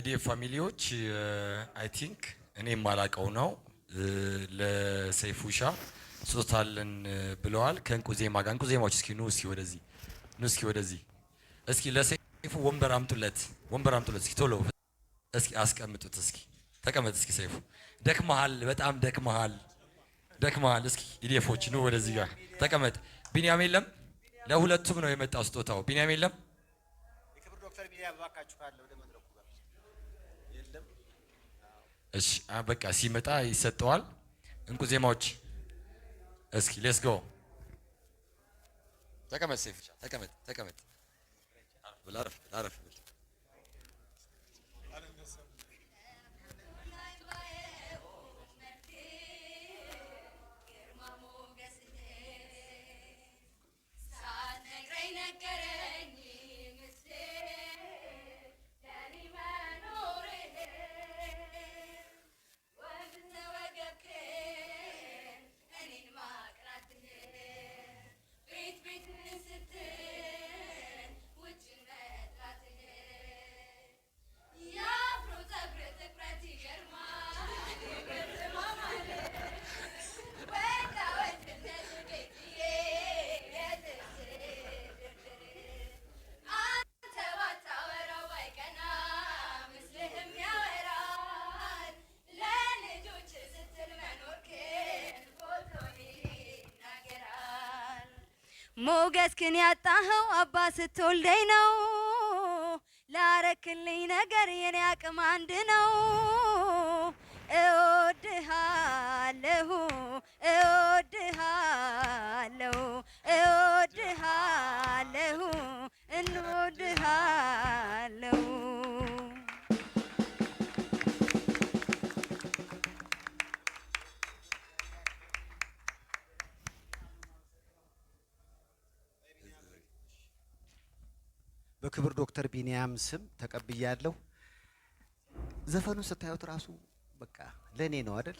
ኢዲኤፍ ፋሚሊዎች አይ ቲንክ እኔ የማላቀው ነው። ለሰይፉ ሻ ስጦታለን ብለዋል ከእንቁ ዜማ ጋር። እንቁ ዜማዎች እስኪ ኑ እስኪ ወደዚህ ኑ እስኪ ወደዚህ እስኪ ለሰይፉ ወንበር አምጡለት፣ ወንበር አምጡለት እስኪ ቶሎ እስኪ አስቀምጡት። እስኪ ተቀመጥ እስኪ ሰይፉ ደክመሃል፣ በጣም ደክመሃል፣ ደክመሃል። እስኪ ኢዲኤፎች ኑ ወደዚህ ጋር ተቀመጥ። ቢንያም የለም፣ ለሁለቱም ነው የመጣው ስጦታው። ቢንያም የለም እሺ በቃ ሲመጣ ይሰጠዋል። እንቁ ዜማዎች እስኪ ሌስ ጎ ተቀመጥ፣ ተቀመጥ፣ ተቀመጥ ሞገስክን ያጣኸው አባ ስትወልደኝ ነው። ላረክልኝ ነገር የኔ አቅም አንድ ነው። እወድሃለሁ እወድሃለሁ በክብር ዶክተር ቢኒያም ስም ተቀብያለሁ። ዘፈኑን ስታዩት ራሱ በቃ ለእኔ ነው አይደል?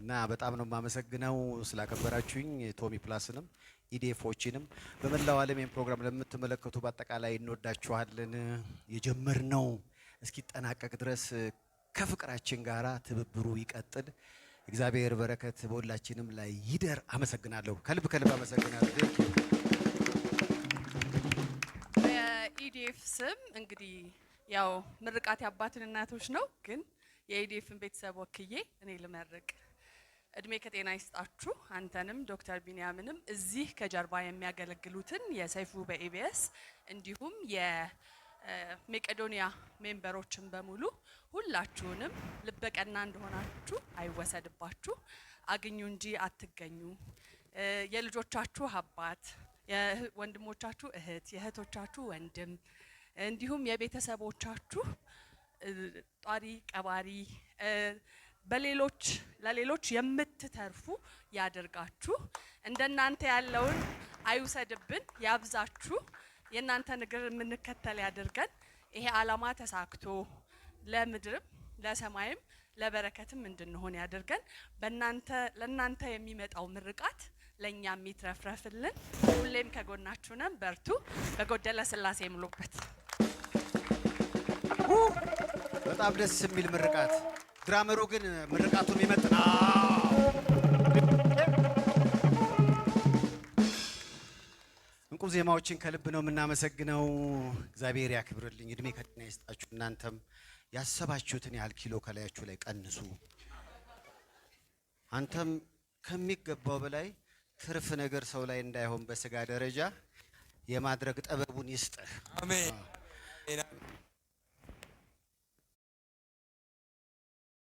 እና በጣም ነው የማመሰግነው ስላከበራችሁኝ፣ ቶሚ ፕላስንም ኢዴፎችንም በመላው ዓለም ፕሮግራም ለምትመለከቱ በአጠቃላይ እንወዳችኋለን። የጀመርነው እስኪጠናቀቅ ድረስ ከፍቅራችን ጋራ ትብብሩ ይቀጥል። እግዚአብሔር በረከት በሁላችንም ላይ ይደር። አመሰግናለሁ። ከልብ ከልብ አመሰግናለሁ። ስም እንግዲህ ያው ምርቃት ያባትን እናቶች ነው፣ ግን የኢዲኤፍን ቤተሰብ ወክዬ እኔ ልመርቅ። እድሜ ከጤና ይስጣችሁ። አንተንም ዶክተር ቢንያምንም እዚህ ከጀርባ የሚያገለግሉትን የሰይፉ በኢቢኤስ እንዲሁም የሜቄዶኒያ ሜምበሮችን በሙሉ ሁላችሁንም ልበቀና እንደሆናችሁ አይወሰድባችሁ። አግኙ እንጂ አትገኙ። የልጆቻችሁ አባት፣ የወንድሞቻችሁ እህት፣ የእህቶቻችሁ ወንድም እንዲሁም የቤተሰቦቻችሁ ጧሪ ቀባሪ በሌሎች ለሌሎች የምትተርፉ ያደርጋችሁ። እንደናንተ ያለውን አይውሰድብን፣ ያብዛችሁ። የእናንተ እግር የምንከተል ያደርገን ይሄ ዓላማ ተሳክቶ ለምድርም ለሰማይም ለበረከትም እንድንሆን ያደርገን በእናንተ ለእናንተ የሚመጣው ምርቃት ለእኛ የሚትረፍረፍልን። ሁሌም ከጎናችሁ ነን። በርቱ። በጎደለ ስላሴ ሙሉበት በጣም ደስ የሚል ምርቃት። ድራመሩ ግን ምርቃቱን የሚመጥ እንቁ ዜማዎችን ከልብ ነው የምናመሰግነው። እግዚአብሔር ያክብርልኝ፣ እድሜ ከጤና ይስጣችሁ። እናንተም ያሰባችሁትን ያህል ኪሎ ከላያችሁ ላይ ቀንሱ። አንተም ከሚገባው በላይ ትርፍ ነገር ሰው ላይ እንዳይሆን በስጋ ደረጃ የማድረግ ጥበቡን ይስጥህ። አሜን።